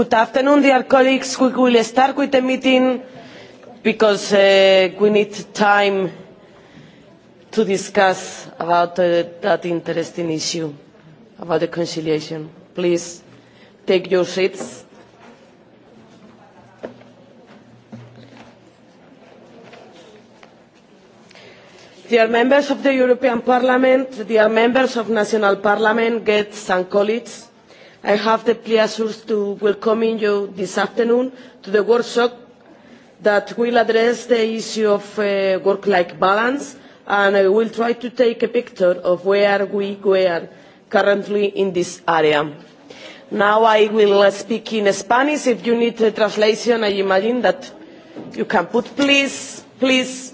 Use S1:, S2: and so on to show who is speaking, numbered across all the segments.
S1: Good afternoon, dear colleagues. We will start with the meeting because we need time to discuss about that interesting issue, about the conciliation. Please take your seats. Dear members of the European Parliament, dear members of national parliament, guests and colleagues, I have the pleasure to welcome you this afternoon to the workshop that will address the issue of work-life balance and I will try to take a picture of where we are currently in this area. Now I will speak in Spanish. If you need a translation, I imagine that you can put please, please.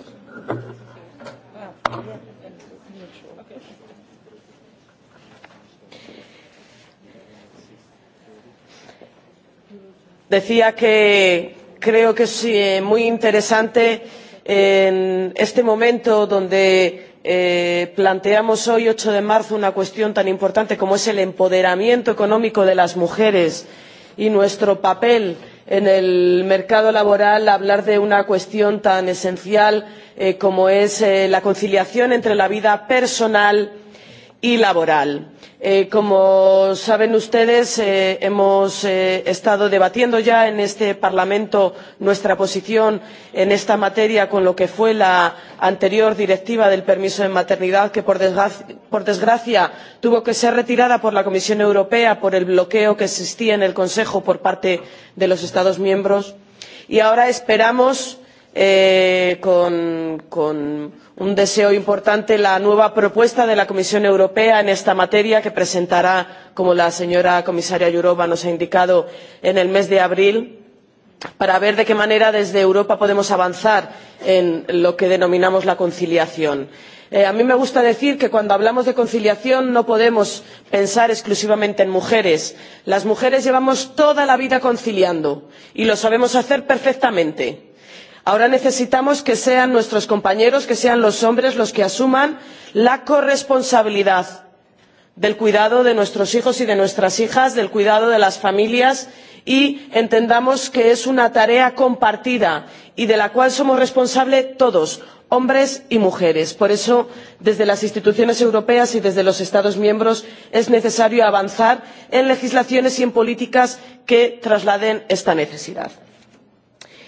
S1: decía que creo que es muy interesante en este momento donde planteamos hoy 8 de marzo una cuestión tan importante como es el empoderamiento económico de las mujeres y nuestro papel en el mercado laboral hablar de una cuestión tan esencial como es la conciliación entre la vida personal laboral. Como saben ustedes, hemos estado debatiendo ya en este Parlamento nuestra posición en esta materia con lo que fue la anterior Directiva del permiso de maternidad, que, por desgracia, tuvo que ser retirada por la Comisión Europea por el bloqueo que existía en el Consejo por parte de los Estados miembros, y ahora esperamos con un deseo importante la nueva propuesta de la comisión europea en esta materia que presentará como la señora comisaria jourová nos ha indicado en el mes de abril para ver de qué manera desde europa podemos avanzar en lo que denominamos la conciliación. a mí me gusta decir que cuando hablamos de conciliación no podemos pensar exclusivamente en mujeres las mujeres llevamos toda la vida conciliando y lo sabemos hacer perfectamente ahora necesitamos que sean nuestros compañeros que sean los hombres los que asuman la corresponsabilidad del cuidado de nuestros hijos y de nuestras hijas del cuidado de las familias y entendamos que es una tarea compartida y de la cual somos responsables todos hombres y mujeres. por eso desde las instituciones europeas y desde los estados miembros es necesario avanzar en legislaciones y en políticas que trasladen esta necesidad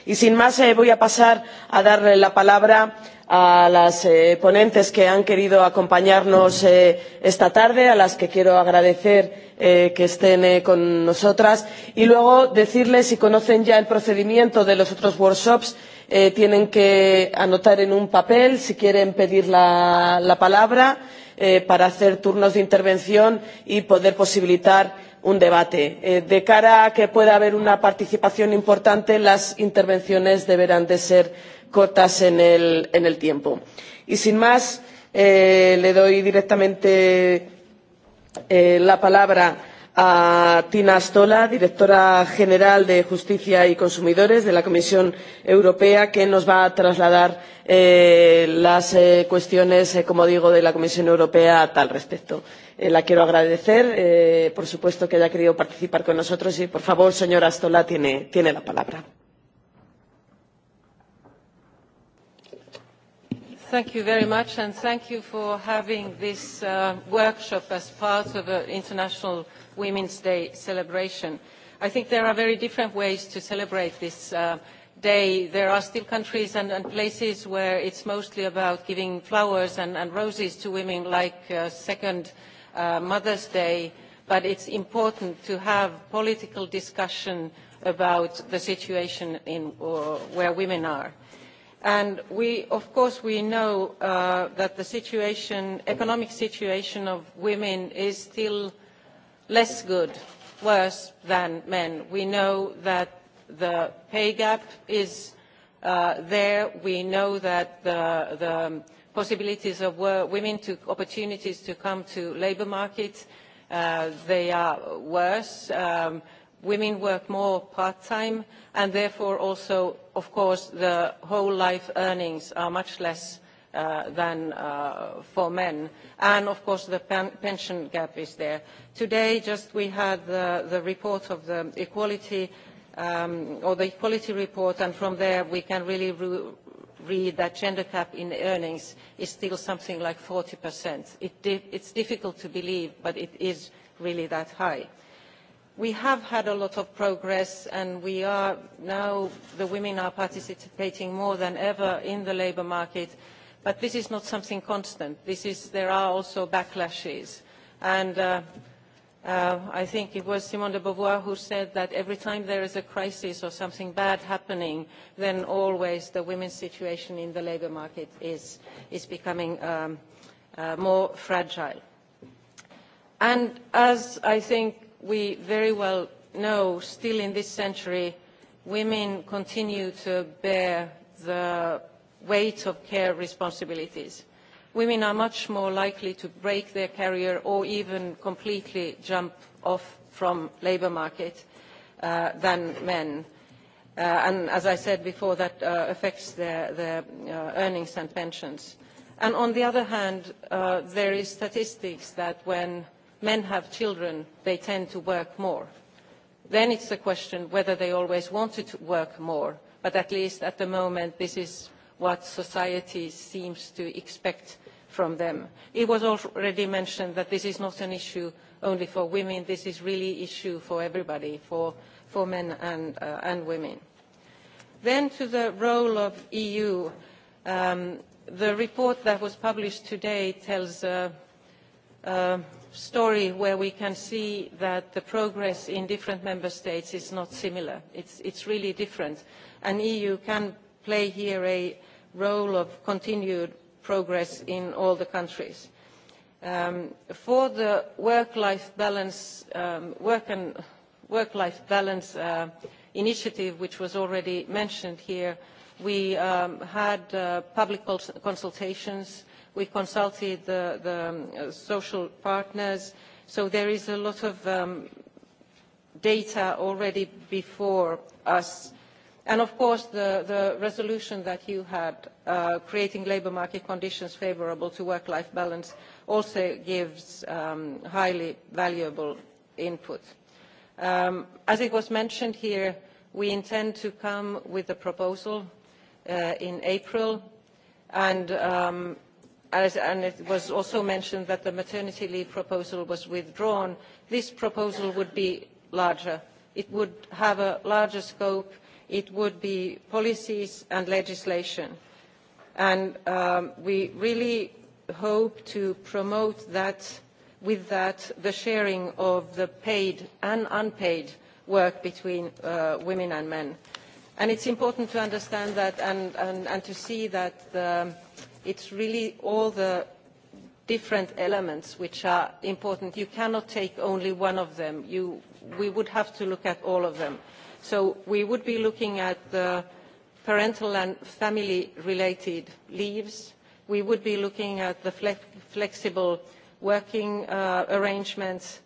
S1: y sin más voy a pasar a dar la palabra a las ponentes que han querido acompañarnos esta tarde a las que quiero agradecer que estén con nosotras y luego decirles si conocen ya el procedimiento de los otros workshops tienen que anotar en un papel si quieren pedir la palabra para hacer turnos de intervención y poder posibilitar un debate. De cara a que pueda haber una participación importante, las intervenciones deberán de ser cortas en el tiempo. Y sin más, le doy directamente la palabra a Tina Stola, directora general de Justicia y Consumidores de la Comisión Europea, que nos va a trasladar las cuestiones, como digo, de la Comisión Europea a tal respecto. La quiero agradecer, por supuesto, que haya querido participar con nosotros y, por favor, señora Stola, tiene la palabra.
S2: Thank you very much, and thank you for having this workshop as part of an international Women's Day celebration. I think there are very different ways to celebrate this day. There are still countries and places where it's mostly about giving flowers and roses to women, like Second Mother's Day. But it's important to have political discussion about the situation in where women are. And we, of course, we know that the situation, economic situation of women is still less good, worse than men. We know that the pay gap is there. We know that the possibilities of women to opportunities to come to labour markets, they are worse. Women work more part-time, and therefore also, of course, the whole life earnings are much less than for men. And of course the pension gap is there. Today just we had the report of the equality or the equality report and from there we can really read that gender gap in earnings is still something like 40%. It's difficult to believe but it is really that high. We have had a lot of progress and we are now, the women are participating more than ever in the labour market But this is not something constant. This is, there are also backlashes. And I think it was Simone de Beauvoir who said that every time there is a crisis or something bad happening, then always the women's situation in the labor market is becoming more fragile. And as I think we very well know, still in this century, women continue to bear the weight of care responsibilities. Women are much more likely to break their career or even completely jump off from labour market than men. And as I said before, that affects their earnings and pensions. And on the other hand, there is statistics that when men have children, they tend to work more. Then it's the question whether they always wanted to work more, but at least at the moment this is what society seems to expect from them. It was already mentioned that this is not an issue only for women, this is really an issue for everybody, for men and women. Then to the role of EU. The report that was published today tells a story where we can see that the progress in different member states is not similar. It's really different. And EU can play here a role of continued progress in all the countries. For the work-life balance, work work-life balance initiative, which was already mentioned here, we had public consultations, we consulted the social partners, so there is a lot of data already before us And of course, the resolution that you had, creating labour market conditions favourable to work-life balance, also gives highly valuable input. As it was mentioned here, we intend to come with a proposal in April, and it was also mentioned that the maternity leave proposal was withdrawn. This proposal would be larger. It would have a larger scope it would be policies and legislation. And we really hope to promote that with that the sharing of the paid and unpaid work between women and men. And it's important to understand that and to see that it's really all the different elements which are important. You cannot take only one of them. We would have to look at all of them. So we would be looking at the parental and family-related leaves. We would be looking at the flexible working arrangements.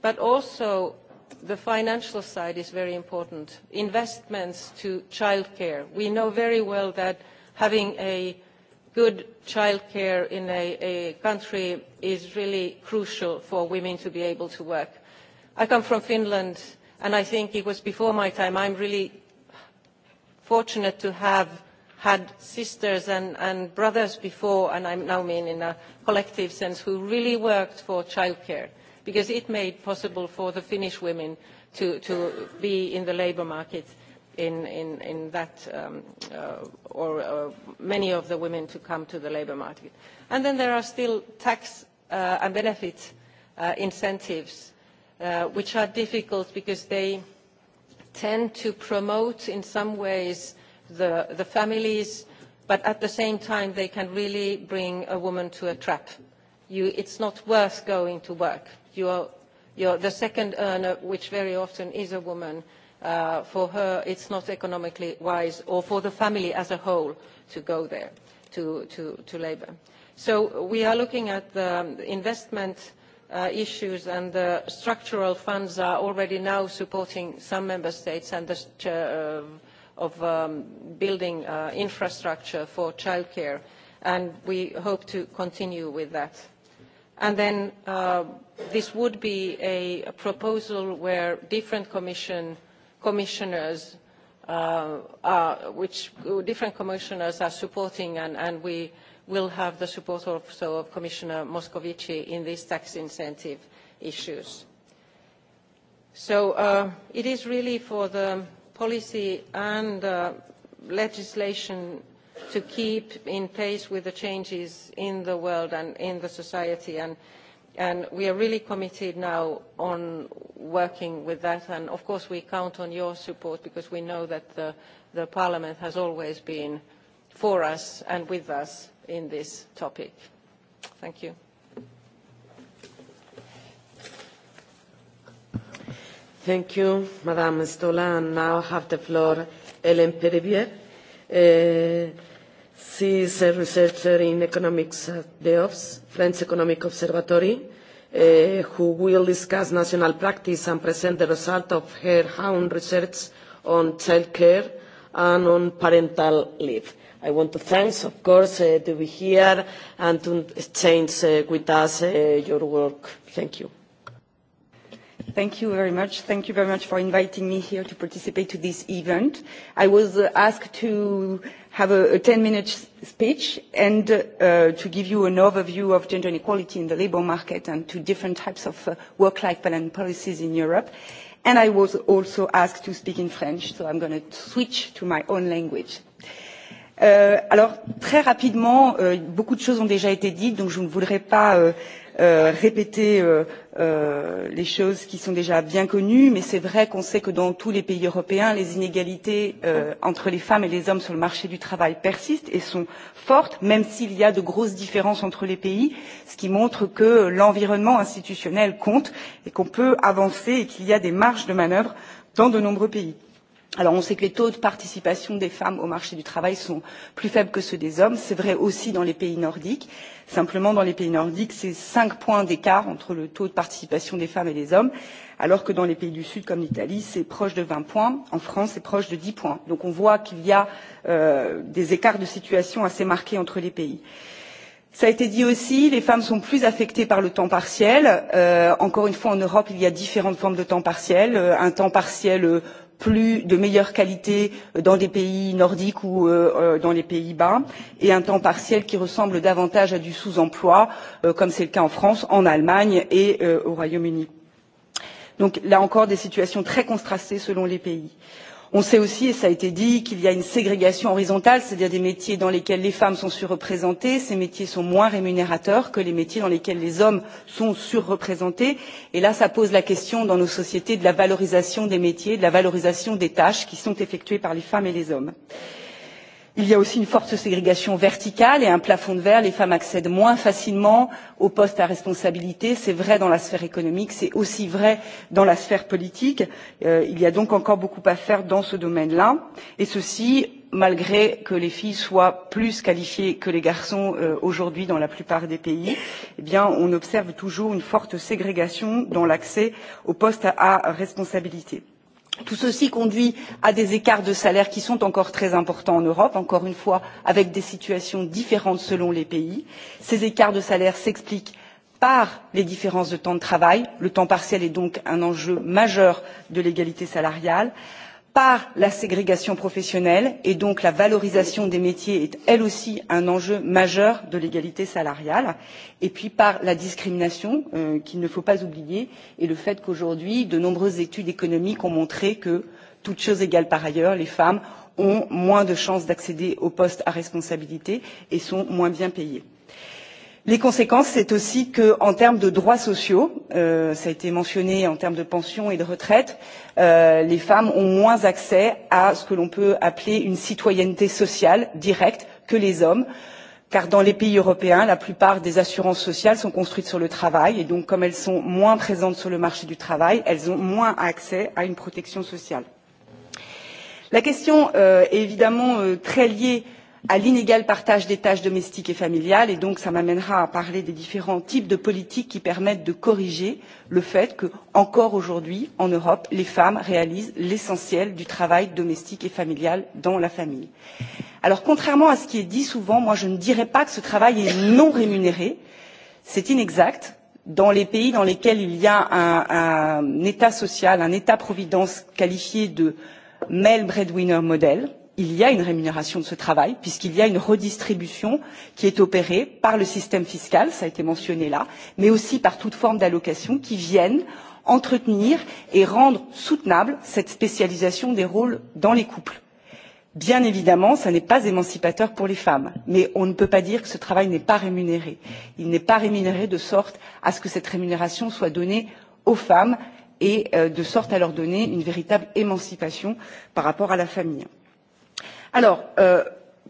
S2: But also the financial side is very important. Investments to childcare. We know very well that having a good childcare in a country is really crucial for women to be able to work. I come from Finland and I think it was before my time. I'm really fortunate to have had sisters and brothers before, and I now mean in a collective sense, who really worked for childcare because it made possible for the Finnish women to be in the labour market in that or many of the women to come to the labour market. And then there are still tax and benefit incentives which are difficult because they tend to promote in some ways the families, but at the same time they can really bring a woman to a trap. It's not worth going to work. You are The second earner, which very often is a woman, for her it's not economically wise, or for the family as a whole, to go there to labour. So we are looking at the investment issues and the structural funds are already now supporting some member states and of building infrastructure for childcare and we hope to continue with that. And then this would be a proposal where different commissioners, which different commissioners are supporting and we will have the support also of Commissioner Moscovici in these tax incentive issues. So it is really for the policy and legislation to keep in pace with the changes in the world and in the society and we are really committed now on working with that and of course we count on your support because we know that the Parliament has always been for us and with us in this topic. Thank you.
S1: Thank you, Madame Stola. And now have the floor Ellen Perivier. She is a researcher in economics at the French Economic Observatory, who will discuss national practice and present the result of her own research on childcare and on parental leave. I want to thank, of course, to be here and to exchange with us your work. Thank you.
S3: Thank you very much. Thank you very much for inviting me here to participate to this event. I was asked to have a 10-minute speech and to give you an overview of gender inequality in the labour market and to different types of work-life balance policies in Europe. And I was also asked to speak in French, so I'm going to switch to my own language. Alors, très rapidement, beaucoup de choses ont déjà été dites, donc je ne voudrais pas répéter les choses qui sont déjà bien connues, mais c'est vrai qu'on sait que dans tous les pays européens, les inégalités entre les femmes et les hommes sur le marché du travail persistent et sont fortes, même s'il y a de grosses différences entre les pays, ce qui montre que l'environnement institutionnel compte et qu'on peut avancer et qu'il y a des marges de manœuvre dans de nombreux pays. Alors on sait que les taux de participation des femmes au marché du travail sont plus faibles que ceux des hommes, c'est vrai aussi dans les pays nordiques. Simplement, dans les pays nordiques, c'est 5 points d'écart entre le taux de participation des femmes et des hommes, alors que dans les pays du Sud, comme l'Italie, c'est proche de 20 points, en France, c'est proche de 10 points. Donc on voit qu'il y a des écarts de situation assez marqués entre les pays. Ça a été dit aussi, les femmes sont plus affectées par le temps partiel. Encore une fois, en Europe, il y a différentes formes de temps partiel. Un temps partiel plus de meilleure qualité dans des pays nordiques ou dans les pays bas et un temps partiel qui ressemble davantage à du sous emploi comme c'est le cas en france en allemagne et au royaume uni. donc là encore des situations très contrastées selon les pays on sait aussi et cela a été dit qu'il y a une ségrégation horizontale c'est à dire des métiers dans lesquels les femmes sont surreprésentées ces métiers sont moins rémunérateurs que les métiers dans lesquels les hommes sont surreprésentés et là cela pose la question dans nos sociétés de la valorisation des métiers de la valorisation des tâches qui sont effectuées par les femmes et les hommes. Il y a aussi une forte ségrégation verticale et un plafond de verre. Les femmes accèdent moins facilement aux postes à responsabilité. C'est vrai dans la sphère économique, c'est aussi vrai dans la sphère politique. Il y a donc encore beaucoup à faire dans ce domaine-là. Et ceci, malgré que les filles soient plus qualifiées que les garçons aujourd'hui dans la plupart des pays, on observe toujours une forte ségrégation dans l'accès aux postes à responsabilité. Tout ceci conduit à des écarts de salaire qui sont encore très importants en Europe, encore une fois avec des situations différentes selon les pays. Ces écarts de salaire s'expliquent par les différences de temps de travail. Le temps partiel est donc un enjeu majeur de l'égalité salariale par la ségrégation professionnelle et donc la valorisation des métiers est elle aussi un enjeu majeur de l'égalité salariale et puis par la discrimination qu'il ne faut pas oublier et le fait qu'aujourd'hui de nombreuses études économiques ont montré que toutes choses égales par ailleurs les femmes ont moins de chances d'accéder aux postes à responsabilité et sont moins bien payées. Les conséquences, c'est aussi qu'en termes de droits sociaux, ça a été mentionné en termes de pension et de retraite, les femmes ont moins accès à ce que l'on peut appeler une citoyenneté sociale directe que les hommes, car dans les pays européens, la plupart des assurances sociales sont construites sur le travail, et donc comme elles sont moins présentes sur le marché du travail, elles ont moins accès à une protection sociale. La question est évidemment très liée à l'inégal partage des tâches domestiques et familiales et donc cela m'amènera à parler des différents types de politiques qui permettent de corriger le fait que encore aujourd'hui en europe les femmes réalisent l'essentiel du travail domestique et familial dans la famille. alors contrairement à ce qui est dit souvent moi je ne dirais pas que ce travail est non rémunéré c'est inexact dans les pays dans lesquels il y a un état social un état providence qualifié de male breadwinner model il y a une rémunération de ce travail puisqu'il y a une redistribution qui est opérée par le système fiscal cela a été mentionné là mais aussi par toute forme d'allocation qui viennent entretenir et rendre soutenable cette spécialisation des rôles dans les couples. bien évidemment ce n'est pas émancipateur pour les femmes mais on ne peut pas dire que ce travail n'est pas rémunéré. il n'est pas rémunéré de sorte à ce que cette rémunération soit donnée aux femmes et de sorte à leur donner une véritable émancipation par rapport à la famille. Alors,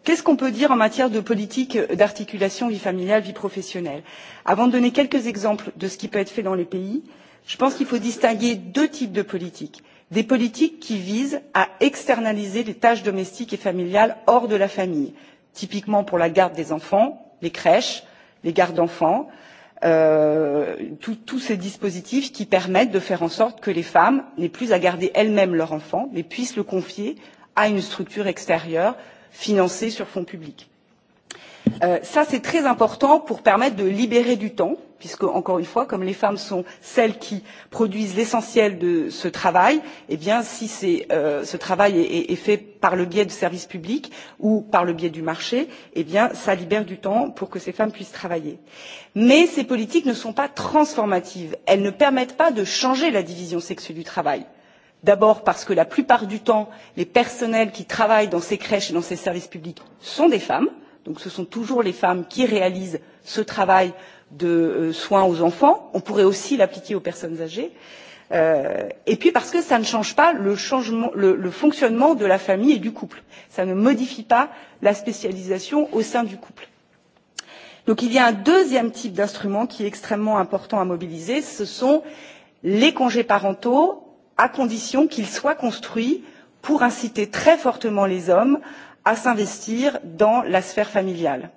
S3: qu'est-ce qu'on peut dire en matière de politique d'articulation vie familiale, vie professionnelle Avant de donner quelques exemples de ce qui peut être fait dans les pays, je pense qu'il faut distinguer deux types de politiques. Des politiques qui visent à externaliser les tâches domestiques et familiales hors de la famille, typiquement pour la garde des enfants, les crèches, les gardes d'enfants, tous ces dispositifs qui permettent de faire en sorte que les femmes n'aient plus à garder elles-mêmes leur enfant, mais puissent le confier à une structure extérieure financée sur fonds publics. Ça, c'est très important pour permettre de libérer du temps, puisque, encore une fois, comme les femmes sont celles qui produisent l'essentiel de ce travail, eh bien, si ce travail est fait par le biais de services publics ou par le biais du marché, eh bien, ça libère du temps pour que ces femmes puissent travailler. Mais ces politiques ne sont pas transformatives. Elles ne permettent pas de changer la division sexuelle du travail d'abord parce que la plupart du temps les personnels qui travaillent dans ces crèches et dans ces services publics sont des femmes donc ce sont toujours les femmes qui réalisent ce travail de soins aux enfants on pourrait aussi l'appliquer aux personnes âgées et puis parce que ça ne change pas le fonctionnement de la famille et du couple ça ne modifie pas la spécialisation au sein du couple. donc il y a un deuxième type d'instrument qui est extrêmement important à mobiliser ce sont les congés parentaux à condition qu'il soit construit pour inciter très fortement les hommes à s'investir dans la sphère familiale.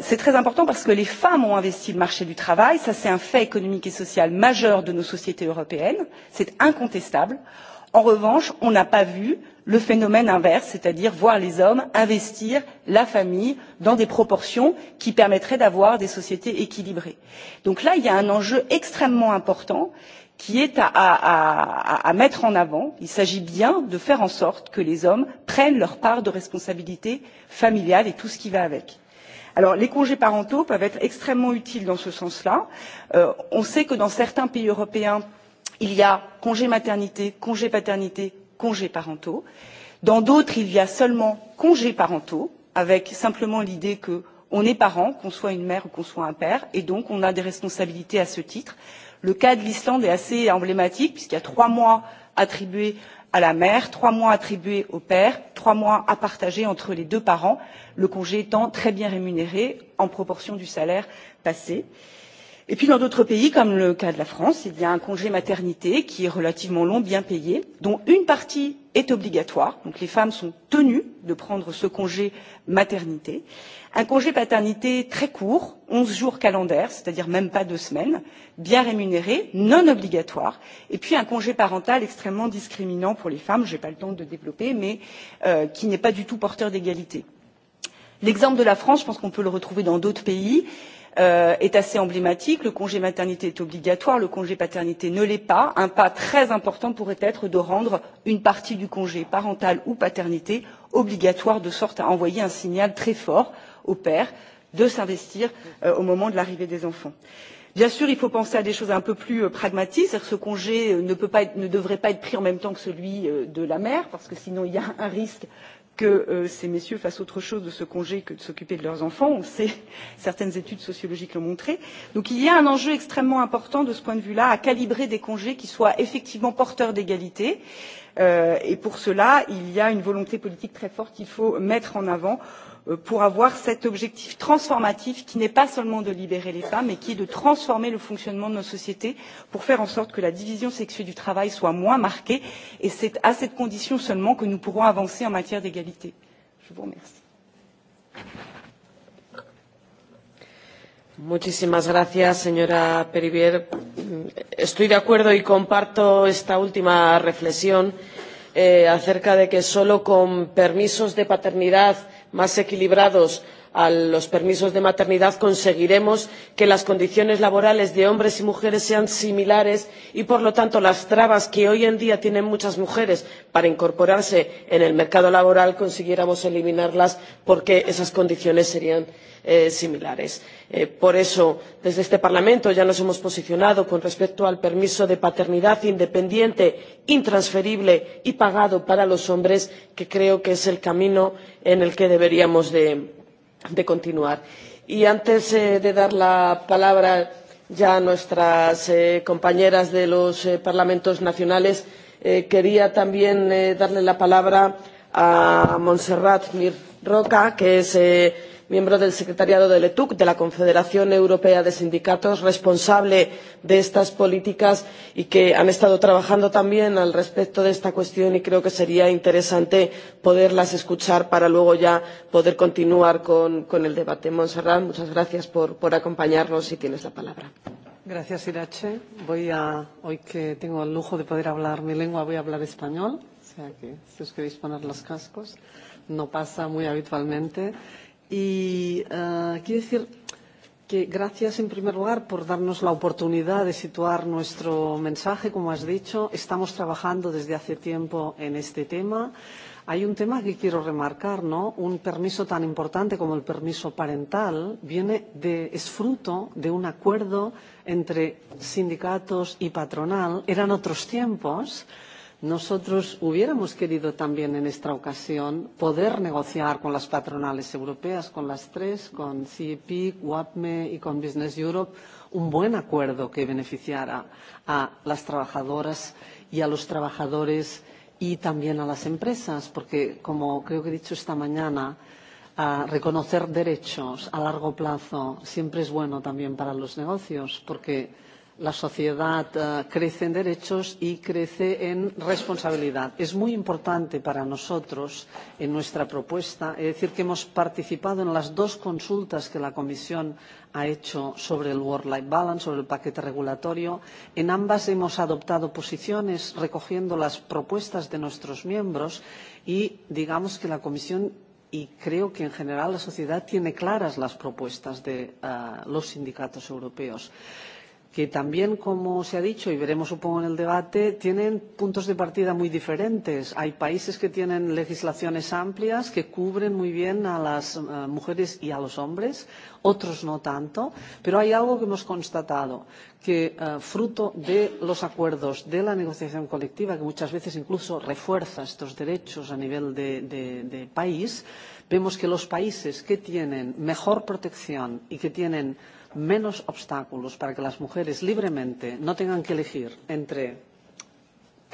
S3: C'est très important parce que les femmes ont investi le marché du travail, ça c'est un fait économique et social majeur de nos sociétés européennes, c'est incontestable. En revanche, on n'a pas vu le phénomène inverse, c'est-à-dire voir les hommes investir la famille dans des proportions qui permettraient d'avoir des sociétés équilibrées. Donc là, il y a un enjeu extrêmement important, qui est à mettre en avant. Il s'agit bien de faire en sorte que les hommes prennent leur part de responsabilité familiale et tout ce qui va avec. Alors, les congés parentaux peuvent être extrêmement utiles dans ce sens-là. On sait que dans certains pays européens, il y a congé maternité, congé paternité, congés parentaux. Dans d'autres, il y a seulement congés parentaux, avec simplement l'idée qu'on est parent, qu'on soit une mère ou qu'on soit un père, et donc on a des responsabilités à ce titre. Le cas de l'Islande est assez emblématique puisqu'il y a trois mois attribués à la mère, trois mois attribués au père, trois mois à partager entre les deux parents, le congé étant très bien rémunéré en proportion du salaire passé et puis dans d'autres pays comme le cas de la france il y a un congé maternité qui est relativement long bien payé dont une partie est obligatoire donc les femmes sont tenues de prendre ce congé maternité un congé paternité très court onze jours calendaires c'est à dire même pas deux semaines bien rémunéré non obligatoire et puis un congé parental extrêmement discriminant pour les femmes je n'ai pas le temps de développer mais qui n'est pas du tout porteur d'égalité. l'exemple de la france je pense qu'on peut le retrouver dans d'autres pays est assez emblématique le congé maternité est obligatoire le congé paternité ne l'est pas un pas très important pourrait être de rendre une partie du congé parental ou paternité obligatoire de sorte à envoyer un signal très fort aux pères de s'investir au moment de l'arrivée des enfants. Bien sûr, il faut penser à des choses un peu plus pragmatiques, ce congé ne devrait pas être pris en même temps que celui de la mère, parce que sinon il y a un risque que ces messieurs fassent autre chose de ce congé que de s'occuper de leurs enfants. On sait, certaines études sociologiques l'ont montré. Donc il y a un enjeu extrêmement important de ce point de vue-là à calibrer des congés qui soient effectivement porteurs d'égalité. Et pour cela, il y a une volonté politique très forte qu'il faut mettre en avant pour avoir cet objectif transformatif qui n'est pas seulement de libérer les femmes mais qui est de transformer le fonctionnement de nos sociétés pour faire en sorte que la division sexuelle du travail soit moins marquée et c'est à cette condition seulement que nous pourrons avancer en matière d'égalité. Je vous remercie.
S1: Estoy de acuerdo y comparto esta última reflexión acerca de que solo con permisos de paternidad más equilibrados a los permisos de maternidad conseguiremos que las condiciones laborales de hombres y mujeres sean similares y por lo tanto las trabas que hoy en día tienen muchas mujeres para incorporarse en el mercado laboral consiguiéramos eliminarlas porque esas condiciones serían similares. por eso desde este parlamento ya nos hemos posicionado con respecto al permiso de paternidad independiente intransferible y pagado para los hombres que creo que es el camino en el que deberíamos de continuar. Y antes de dar la palabra ya a nuestras compañeras de los parlamentos nacionales, quería también darle la palabra a Montserrat Mir Roca, que es miembro del secretariado de letuc de la confederación europea de sindicatos responsable de estas políticas y que han estado trabajando también al respecto de esta cuestión y creo que sería interesante poderlas escuchar para luego ya poder continuar con el debate. montserrat muchas gracias por acompañarnos y tienes la palabra.
S4: Gracias, Irache. Voy a, hoy que tengo el lujo de poder hablar mi lengua, voy a hablar español. O sea que si os queréis poner los cascos, no pasa muy habitualmente. Y quiero decir que gracias en primer lugar por darnos la oportunidad de situar nuestro mensaje, como has dicho. Estamos trabajando desde hace tiempo en este tema. Hay un tema que quiero remarcar, ¿no? Un permiso tan importante como el permiso parental viene de, es fruto de un acuerdo entre sindicatos y patronal. Eran otros tiempos Nosotros hubiéramos querido también en esta ocasión poder negociar con las patronales europeas, con las tres, con CEP, WAPME y con Business Europe, un buen acuerdo que beneficiara a las trabajadoras y a los trabajadores y también a las empresas, porque, como creo que he dicho esta mañana, reconocer derechos a largo plazo siempre es bueno también para los negocios, porque la sociedad crece en derechos y crece en responsabilidad. Es muy importante para nosotros en nuestra propuesta, es decir, que hemos participado en las dos consultas que la Comisión ha hecho sobre el Work-Life Balance, sobre el paquete regulatorio. En ambas hemos adoptado posiciones recogiendo las propuestas de nuestros miembros y digamos que la Comisión y creo que en general la sociedad tiene claras las propuestas de los sindicatos europeos que también, como se ha dicho, y veremos supongo en el debate, tienen puntos de partida muy diferentes. Hay países que tienen legislaciones amplias que cubren muy bien a las mujeres y a los hombres, otros no tanto, pero hay algo que hemos constatado, que fruto de los acuerdos de la negociación colectiva, que muchas veces incluso refuerza estos derechos a nivel de país, vemos que los países que tienen mejor protección y que tienen menos obstáculos para que las mujeres libremente no tengan que elegir entre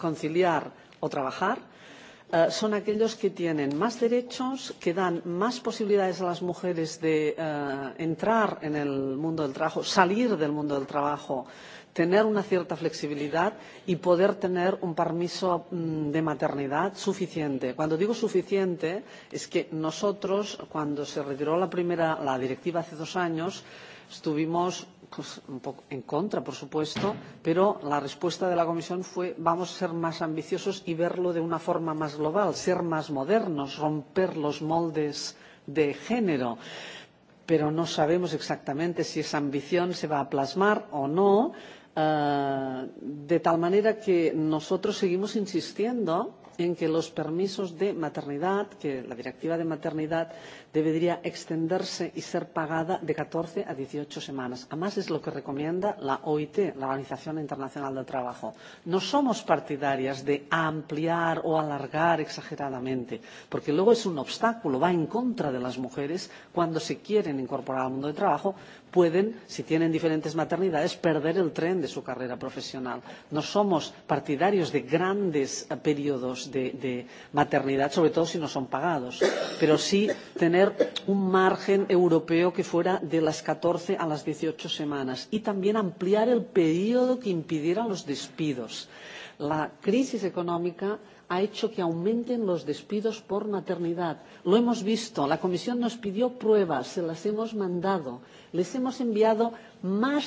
S4: conciliar o trabajar son aquellos que tienen más derechos, que dan más posibilidades a las mujeres de entrar en el mundo del trabajo, salir del mundo del trabajo, tener una cierta flexibilidad y poder tener un permiso de maternidad suficiente. Cuando digo suficiente es que nosotros, cuando se retiró la primera la directiva hace dos años, estuvimos un poco en contra, por supuesto, pero la respuesta de la Comisión fue vamos a ser más ambiciosos y verlo de una forma más global, ser más modernos, romper los moldes de género. Pero no sabemos exactamente si esa ambición se va a plasmar o no, de tal manera que nosotros seguimos insistiendo en que los permisos de maternidad, que la directiva de maternidad debería extenderse y ser pagada de 14 a 18 semanas. Además, es lo que recomienda la OIT, la Organización Internacional del Trabajo. No somos partidarias de ampliar o alargar exageradamente, porque luego es un obstáculo, va en contra de las mujeres cuando se quieren incorporar al mundo del trabajo, pueden, si tienen diferentes maternidades, perder el tren de su carrera profesional. No somos partidarios de grandes periodos de maternidad, sobre todo si no son pagados, pero sí tener un margen europeo que fuera de las 14 a las 18 semanas y también ampliar el periodo que impidiera los despidos. La crisis económica ha hecho que aumenten los despidos por maternidad. Lo hemos visto. La Comisión nos pidió pruebas, se las hemos mandado. Les hemos enviado más,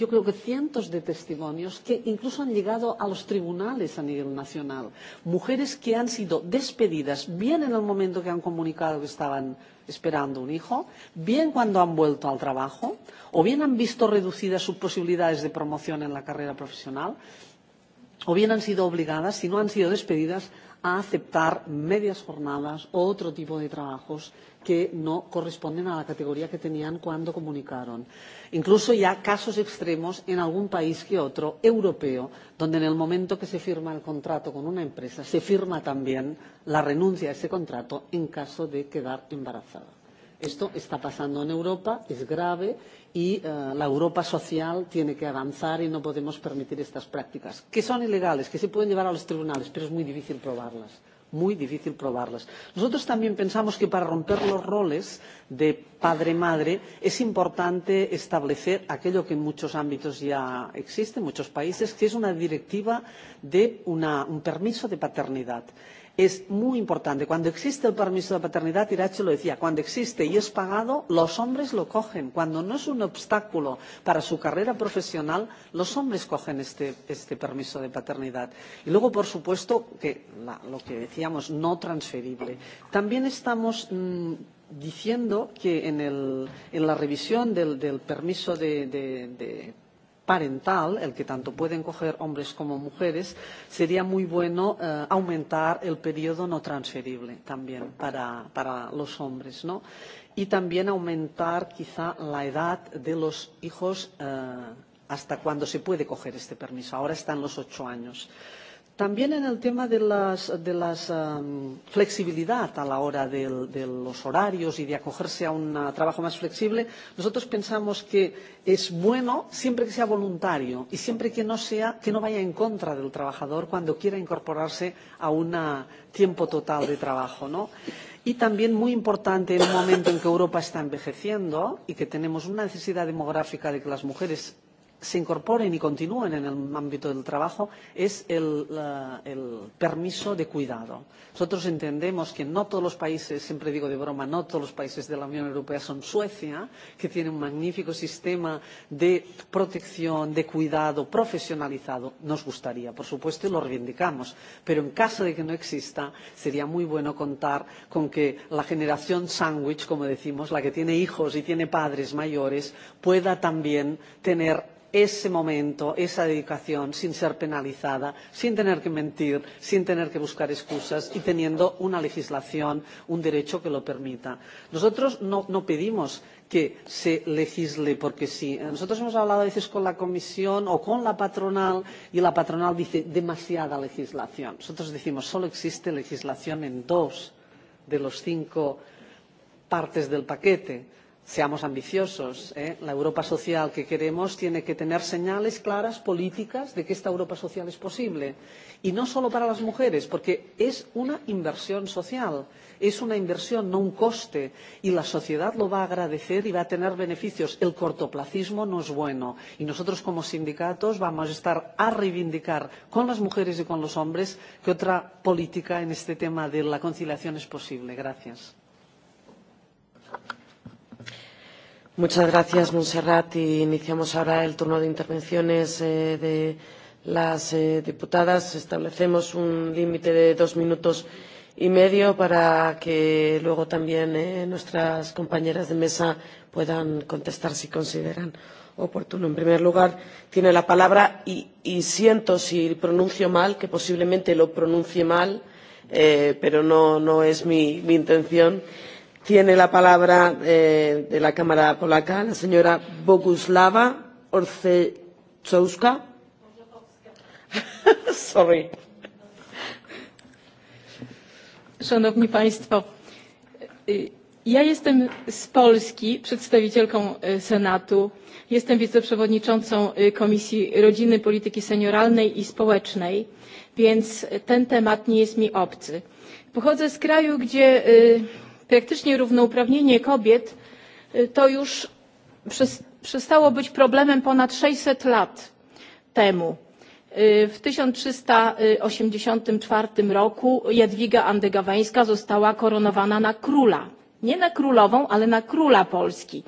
S4: yo creo que cientos de testimonios que incluso han llegado a los tribunales a nivel nacional. Mujeres que han sido despedidas, bien en el momento que han comunicado que estaban esperando un hijo, bien cuando han vuelto al trabajo, o bien han visto reducidas sus posibilidades de promoción en la carrera profesional o bien han sido obligadas, si no han sido despedidas, a aceptar medias jornadas o otro tipo de trabajos que no corresponden a la categoría que tenían cuando comunicaron. Incluso ya casos extremos en algún país que otro europeo, donde en el momento que se firma el contrato con una empresa, se firma también la renuncia a ese contrato en caso de quedar embarazada. Esto está pasando en Europa, es grave y la Europa social tiene que avanzar y no podemos permitir estas prácticas, que son ilegales, que se pueden llevar a los tribunales, pero es muy difícil probarlas. Muy difícil probarlas. Nosotros también pensamos que para romper los roles de padre-madre es importante establecer aquello que en muchos ámbitos ya existe, en muchos países, que es una directiva de un permiso de paternidad es muy importante. Cuando existe el permiso de paternidad, Tirachi lo decía, cuando existe y es pagado, los hombres lo cogen. Cuando no es un obstáculo para su carrera profesional, los hombres cogen este, este permiso de paternidad. Y luego, por supuesto, que lo que decíamos, no transferible. También estamos diciendo que en, el, en la revisión del, del permiso de, de, de parental, el que tanto pueden coger hombres como mujeres, sería muy bueno aumentar el periodo no transferible también para, para los hombres, ¿no? Y también aumentar quizá la edad de los hijos hasta cuando se puede coger este permiso. Ahora están los ocho años. También en el tema de la de las, flexibilidad a la hora de, de los horarios y de acogerse a un trabajo más flexible, nosotros pensamos que es bueno siempre que sea voluntario y siempre que no, sea, que no vaya en contra del trabajador cuando quiera incorporarse a un tiempo total de trabajo. ¿no? Y también muy importante en un momento en que Europa está envejeciendo y que tenemos una necesidad demográfica de que las mujeres se incorporen y continúen en el ámbito del trabajo es el permiso de cuidado. Nosotros entendemos que no todos los países, siempre digo de broma, no todos los países de la Unión Europea son Suecia, que tiene un magnífico sistema de protección, de cuidado profesionalizado. Nos gustaría, por supuesto, y lo reivindicamos. Pero en caso de que no exista, sería muy bueno contar con que la generación sándwich, como decimos, la que tiene hijos y tiene padres mayores, pueda también tener ese momento, esa dedicación, sin ser penalizada, sin tener que mentir, sin tener que buscar excusas y teniendo una legislación, un derecho que lo permita. Nosotros no pedimos que se legisle porque sí. Nosotros hemos hablado a veces con la Comisión o con la patronal y la patronal dice demasiada legislación. Nosotros decimos solo existe legislación en dos de los cinco partes del paquete seamos ambiciosos. ¿eh? La Europa social que queremos tiene que tener señales claras políticas de que esta Europa social es posible. Y no solo para las mujeres, porque es una inversión social, es una inversión, no un coste. Y la sociedad lo va a agradecer y va a tener beneficios. El cortoplacismo no es bueno. Y nosotros como sindicatos vamos a estar a reivindicar con las mujeres y con los hombres que otra política en este tema de la conciliación es posible. Gracias.
S1: Muchas gracias, Monserrat, Y iniciamos ahora el turno de intervenciones de las diputadas. Establecemos un límite de dos minutos y medio para que luego también nuestras compañeras de mesa puedan contestar si consideran oportuno. En primer lugar, tiene la palabra y siento si pronuncio mal, que posiblemente lo pronuncie mal, pero no es mi intención Tiene la palabra de la la señora Sorry.
S5: Szanowni Państwo, ja jestem z Polski, przedstawicielką Senatu. Jestem wiceprzewodniczącą Komisji Rodziny, Polityki Senioralnej i Społecznej, więc ten temat nie jest mi obcy. Pochodzę z kraju, gdzie praktycznie równouprawnienie kobiet to już przestało być problemem ponad 600 lat temu. W 1384 roku Jadwiga Andegaweńska została koronowana na króla. Nie na królową, ale na króla Polski.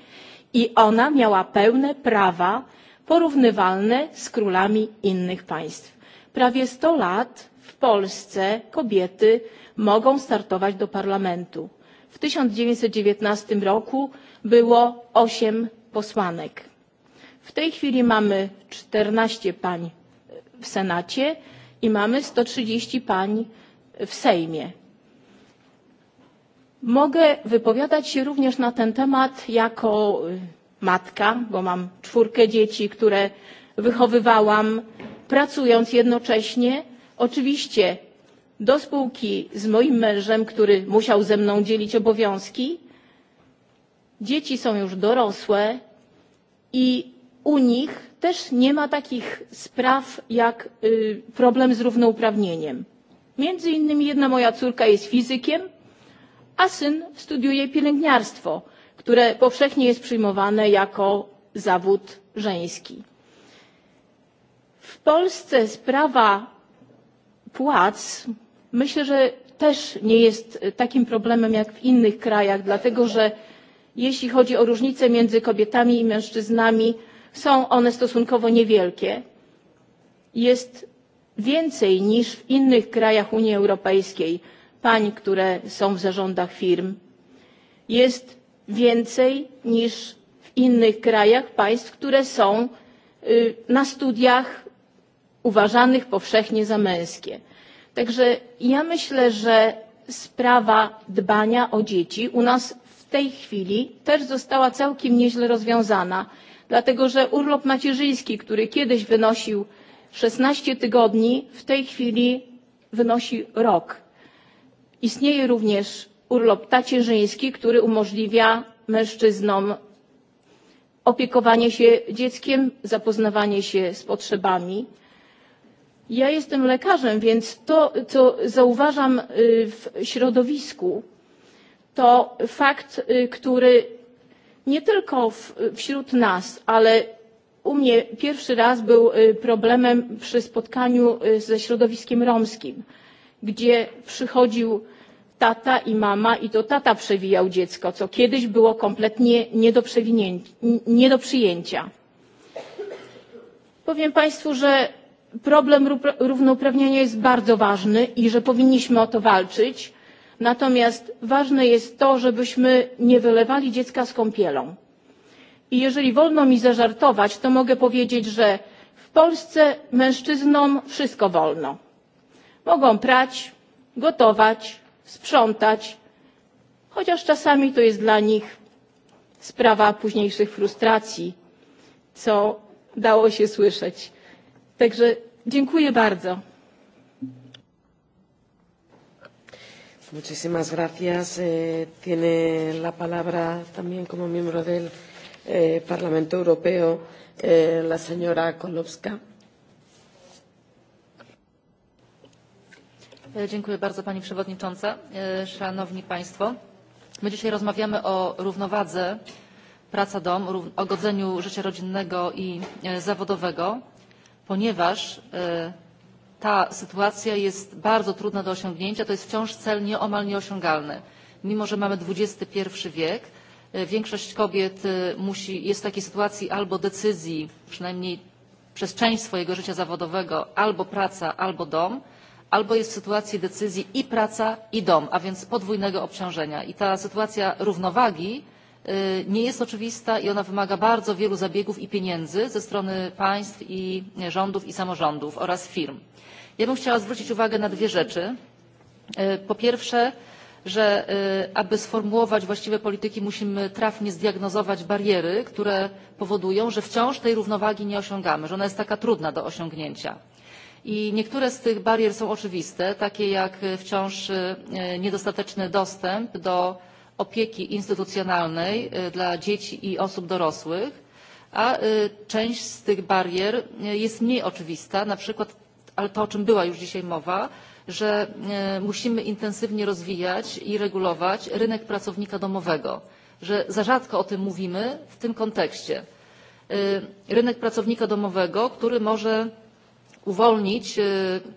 S5: I ona miała pełne prawa porównywalne z królami innych państw. Prawie 100 lat w Polsce kobiety mogą startować do parlamentu. W 1919 roku było 8 posłanek. W tej chwili mamy 14 pań w Senacie i mamy 130 pań w Sejmie. Mogę wypowiadać się również na ten temat jako matka, bo mam czwórkę dzieci, które wychowywałam, pracując jednocześnie. Oczywiście do spółki z moim mężem, który musiał ze mną dzielić obowiązki. Dzieci są już dorosłe i u nich też nie ma takich spraw jak problem z równouprawnieniem. Między innymi jedna moja córka jest fizykiem, a syn studiuje pielęgniarstwo, które powszechnie jest przyjmowane jako zawód żeński. W Polsce sprawa płac myślę, że też nie jest takim problemem jak w innych krajach, dlatego że jeśli chodzi o różnice między kobietami i mężczyznami, są one stosunkowo niewielkie. Jest więcej niż w innych krajach Unii Europejskiej pań, które są w zarządach firm. Jest więcej niż w innych krajach państw, które są na studiach uważanych powszechnie za męskie. Także ja myślę, że sprawa dbania o dzieci u nas w tej chwili też została całkiem nieźle rozwiązana, dlatego że urlop macierzyński, który kiedyś wynosił 16 tygodni, w tej chwili wynosi rok. Istnieje również urlop tacierzyński, który umożliwia mężczyznom opiekowanie się dzieckiem, zapoznawanie się z potrzebami Ja jestem lekarzem, więc to, co zauważam w środowisku, to fakt, który nie tylko wśród nas, ale u mnie pierwszy raz był problemem przy spotkaniu ze środowiskiem romskim, gdzie przychodził tata i mama i to tata przewijał dziecko, co kiedyś było kompletnie nie do przyjęcia. Powiem Państwu, że problem równouprawnienia jest bardzo ważny i że powinniśmy o to walczyć natomiast ważne jest to żebyśmy nie wylewali dziecka z kąpielą i jeżeli wolno mi zażartować to mogę powiedzieć że w polsce mężczyznom wszystko wolno mogą prać gotować sprzątać chociaż czasami to jest dla nich sprawa późniejszych frustracji co dało się słyszeć Także dziękuję bardzo.
S1: Muchísimas gracias. Eh, Tiene la palabra también como miembro del eh, Parlamento Europeo eh, la señora Kolowska.
S6: Dziękuję bardzo Pani Przewodnicząca. Szanowni Państwo, my dzisiaj rozmawiamy o równowadze praca-dom, o godzeniu życia rodzinnego i zawodowego ponieważ ta sytuacja jest bardzo trudna do osiągnięcia. To jest wciąż cel nieomal nieosiągalny. Mimo, że mamy XXI wiek, większość kobiet musi, jest w takiej sytuacji albo decyzji, przynajmniej przez część swojego życia zawodowego, albo praca, albo dom, albo jest w sytuacji decyzji i praca, i dom, a więc podwójnego obciążenia. I ta sytuacja równowagi nie jest oczywista i ona wymaga bardzo wielu zabiegów i pieniędzy ze strony państw i rządów i samorządów oraz firm. Ja bym chciała zwrócić uwagę na dwie rzeczy. Po pierwsze, że aby sformułować właściwe polityki musimy trafnie zdiagnozować bariery, które powodują, że wciąż tej równowagi nie osiągamy, że ona jest taka trudna do osiągnięcia. I niektóre z tych barier są oczywiste, takie jak wciąż niedostateczny dostęp do opieki instytucjonalnej dla dzieci i osób dorosłych, a część z tych barier jest mniej oczywista, na przykład, to o czym była już dzisiaj mowa, że musimy intensywnie rozwijać i regulować rynek pracownika domowego, że za rzadko o tym mówimy w tym kontekście. Rynek pracownika domowego, który może uwolnić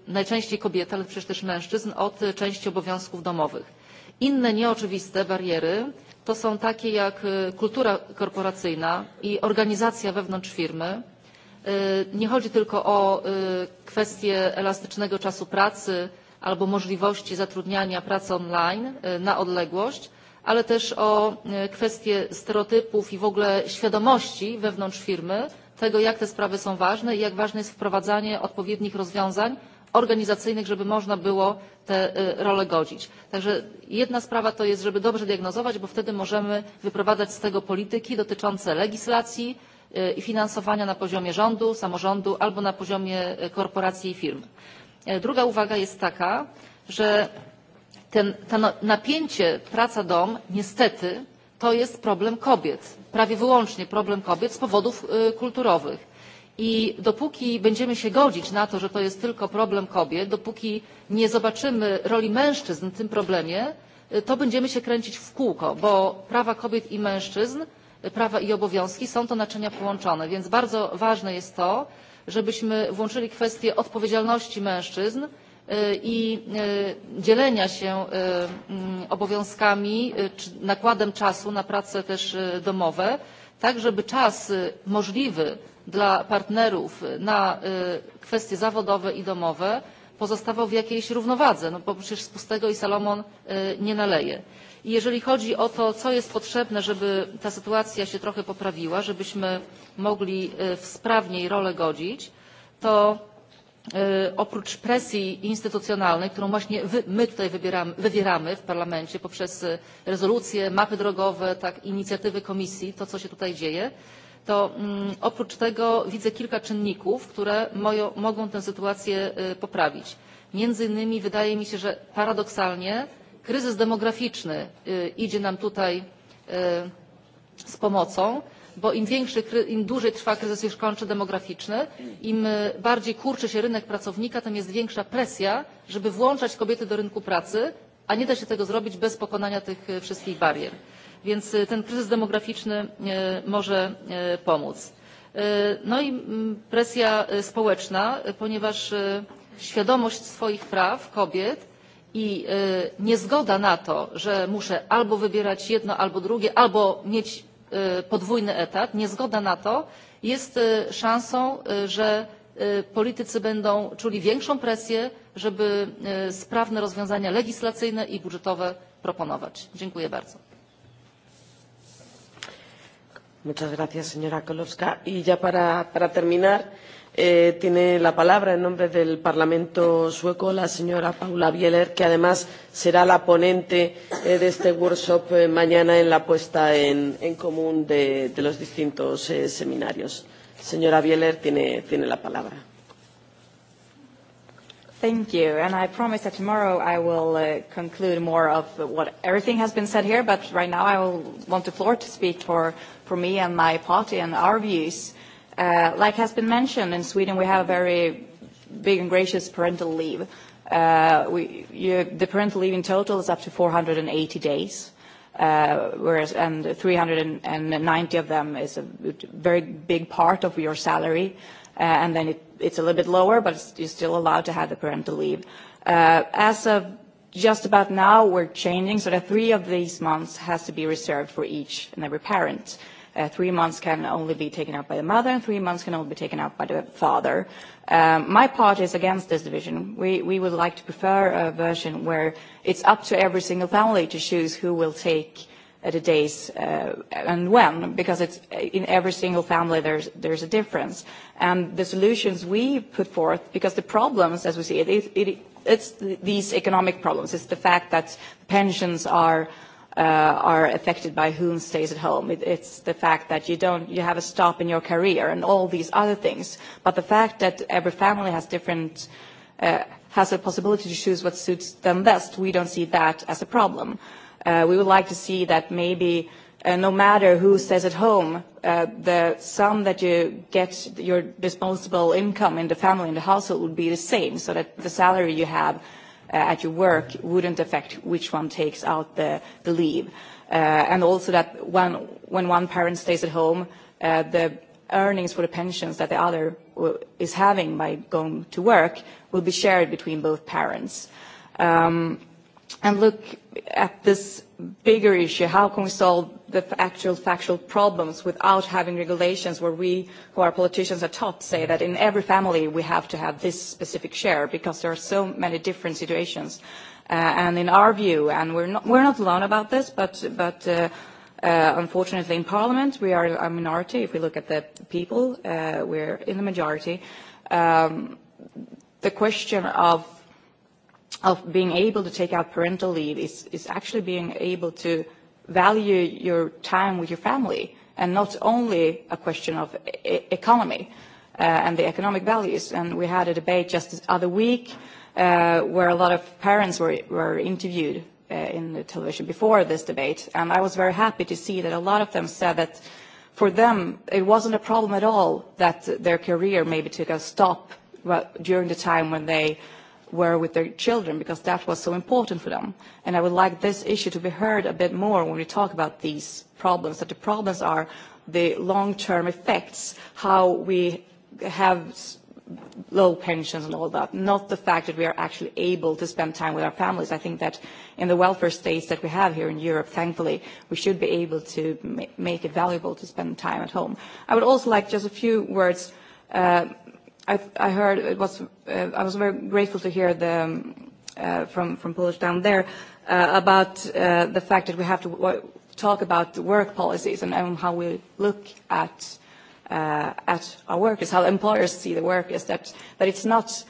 S6: najczęściej kobiety, ale przecież też mężczyzn od części obowiązków domowych. Inne nieoczywiste bariery to są takie jak kultura korporacyjna i organizacja wewnątrz firmy. Nie chodzi tylko o kwestię elastycznego czasu pracy albo możliwości zatrudniania pracy online na odległość, ale też o kwestię stereotypów i w ogóle świadomości wewnątrz firmy tego, jak te sprawy są ważne i jak ważne jest wprowadzanie odpowiednich rozwiązań organizacyjnych, żeby można było te role godzić. Także jedna sprawa to jest, żeby dobrze diagnozować, bo wtedy możemy wyprowadzać z tego polityki dotyczące legislacji i finansowania na poziomie rządu, samorządu albo na poziomie korporacji i firm. Druga uwaga jest taka, że to napięcie praca-dom niestety to jest problem kobiet, prawie wyłącznie problem kobiet z powodów kulturowych I dopóki będziemy się godzić na to, że to jest tylko problem kobiet, dopóki nie zobaczymy roli mężczyzn w tym problemie, to będziemy się kręcić w kółko, bo prawa kobiet i mężczyzn, prawa i obowiązki są to naczynia połączone, więc bardzo ważne jest to, żebyśmy włączyli kwestię odpowiedzialności mężczyzn i dzielenia się obowiązkami czy nakładem czasu na prace też domowe tak żeby czas możliwy dla partnerów na kwestie zawodowe i domowe pozostawał w jakiejś równowadze, no bo przecież z pustego i Salomon nie naleje. I jeżeli chodzi o to, co jest potrzebne, żeby ta sytuacja się trochę poprawiła, żebyśmy mogli sprawniej role godzić, to oprócz presji instytucjonalnej, którą właśnie my tutaj wywieramy w Parlamencie poprzez rezolucje, mapy drogowe, inicjatywy Komisji, to co się tutaj dzieje, to oprócz tego widzę kilka czynników, które mogą tę sytuację poprawić. Między innymi wydaje mi się, że paradoksalnie kryzys demograficzny idzie nam tutaj z pomocą, bo im większy, im dłużej trwa kryzys już kończy demograficzny, im bardziej kurczy się rynek pracownika, tym jest większa presja, żeby włączać kobiety do rynku pracy, a nie da się tego zrobić bez pokonania tych wszystkich barier. Więc ten kryzys demograficzny może pomóc. No i presja społeczna, ponieważ świadomość swoich praw kobiet i niezgoda na to, że muszę albo wybierać jedno, albo drugie, albo mieć podwójny etat niezgoda na to jest szansą że politycy będą czuli większą presję żeby sprawne rozwiązania legislacyjne i budżetowe proponować. dziękuję bardzo.
S1: señora y ya terminar tiene la palabra en nombre del Parlamento sueco la señora Paula Bieler, que además será la ponente de este workshop mañana en la puesta en, común de, de los distintos seminarios. Señora Bieler, tiene, tiene la palabra.
S7: Thank you. And I promise that tomorrow I will uh, conclude more of what everything has been said here, but right now I will want the floor to speak for, for me and my party and our views Like has been mentioned, in Sweden we have a very big and gracious parental leave. The parental leave in total is up to 480 days, whereas and 390 of them is a very big part of your salary, and then it's a little bit lower, but you're still allowed to have the parental leave. As of just about now, we're changing so that three of these months has to be reserved for each and every parent three months can only be taken out by the mother and three months can only be taken out by the father. My party is against this division. We we would like to prefer a version where it's up to every single family to choose who will take the days and when, because it's in every single family there's there's a difference. And the solutions we put forth, because the problems, as we see it, it's these economic problems. It's the fact that pensions are are affected by whom stays at home. It's the fact that you don't you have a stop in your career and all these other things. But the fact that every family has different has a possibility to choose what suits them best, we don't see that as a problem. We would like to see that maybe no matter who stays at home, the sum that you get your disposable income in the family in the household would be the same, so that the salary you have at your work wouldn't affect which one takes out the leave. And also that when one parent stays at home, the earnings for the pensions that the other is having by going to work will be shared between both parents and look at this bigger issue. How can we solve the actual factual problems without having regulations where we, who are politicians at top, say that in every family we have to have this specific share because there are so many different situations. And in our view, and we're not, we're not alone about this, but, but unfortunately in Parliament we are a minority. If we look at the people, we're in the majority. the question of of being able to take out parental leave is, is actually being able to value your time with your family and not only a question of economy and the economic values. And we had a debate just the other week where a lot of parents were, were interviewed in the television before this debate. And I was very happy to see that a lot of them said that for them it wasn't a problem at all that their career maybe took a stop during the time when they were with their children because that was so important for them. And I would like this issue to be heard a bit more when we talk about these problems, that the problems are the long-term effects, how we have low pensions and all that, not the fact that we are actually able to spend time with our families. I think that in the welfare states that we have here in Europe, thankfully, we should be able to make it valuable to spend time at home. I would also like just a few words I heard it was I was very grateful to hear the from from Polish down there about the fact that we have to talk about the work policies and how we look at at our workers, how employers see the workers, that that it's not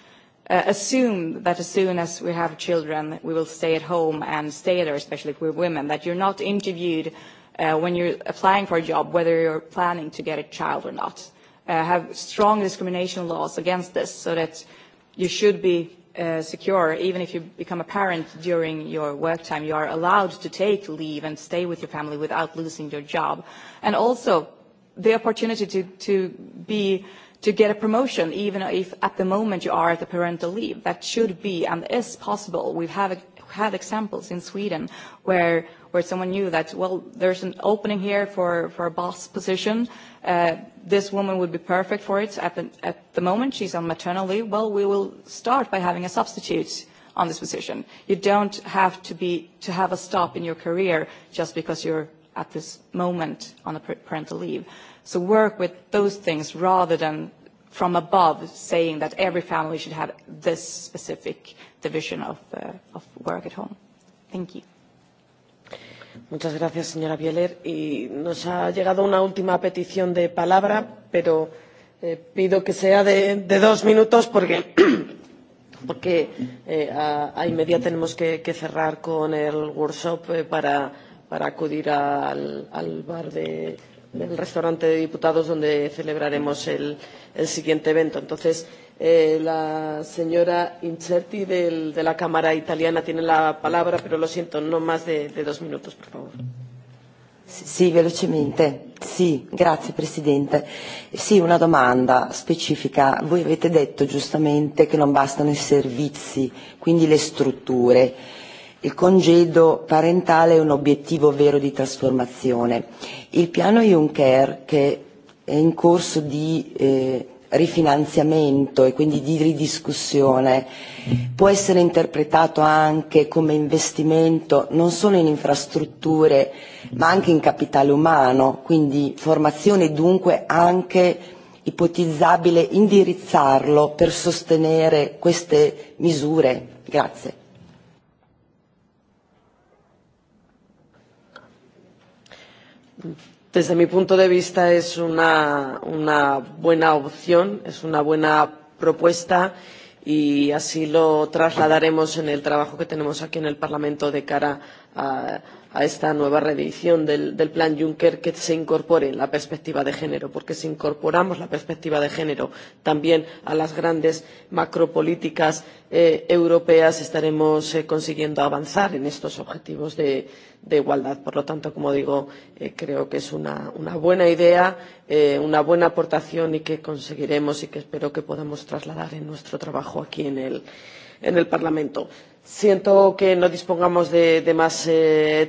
S7: assumed that as soon as we have children we will stay at home and stay there, especially if we're women, that you're not interviewed when you're applying for a job whether you're planning to get a child or not have strong discrimination laws against this so that you should be secure even if you become a parent during your work time you are allowed to take leave and stay with your family without losing your job and also the opportunity to to be to get a promotion even if at the moment you are at the parental leave that should be and is possible we have had examples in sweden where someone knew that, well, there's an opening here for, a boss position. this woman would be perfect for it. At the, moment, she's on maternal leave. Well, we will start by having a substitute on this position. You don't have to, be, to have a stop in your career just because you're at this moment on a parental leave. So work with those things rather than from above saying that every family should have this specific division of, of work at home. Thank you.
S1: Muchas gracias, señora Bieler. Y nos ha llegado una última petición de palabra, pero pido que sea de dos minutos porque a inmediato tenemos que cerrar con el workshop para acudir al bar del restaurante de diputados donde celebraremos el siguiente evento. Entonces, la signora Incerti della camera italiana tiene la parola, pero lo siento, non más de dos minutos, per favore. Sì, velocemente. Sì, grazie Presidente. Sì, una domanda specifica. Voi avete detto giustamente che non bastano i servizi, quindi le strutture. Il congedo parentale è un obiettivo vero di trasformazione. Il piano Juncker, che è in corso di rifinanziamento e quindi di ridiscussione può essere interpretato anche come investimento non solo in infrastrutture ma anche in capitale umano, quindi formazione dunque anche ipotizzabile indirizzarlo per sostenere queste misure. Grazie desde mi punto de vista es una, una buena opción, es una buena propuesta y así lo trasladaremos en el trabajo que tenemos aquí en el Parlamento de cara a esta nueva reedición del plan Juncker que se incorpore en la perspectiva de género, porque si incorporamos la perspectiva de género también a las grandes macropolíticas europeas, estaremos consiguiendo avanzar en estos objetivos de igualdad. Por lo tanto, como digo, creo que es una buena idea, una buena aportación y que conseguiremos y que espero que podamos trasladar en nuestro trabajo aquí en el en el Parlamento. Siento que no dispongamos de, de más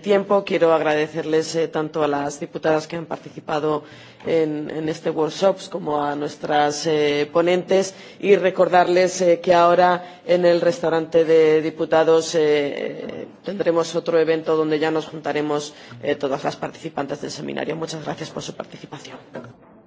S1: tiempo. Quiero agradecerles tanto a las diputadas que han participado en, en este workshop como a nuestras ponentes y recordarles que ahora en el restaurante de diputados tendremos otro evento donde ya nos juntaremos todas las participantes del seminario. Muchas gracias por su participación.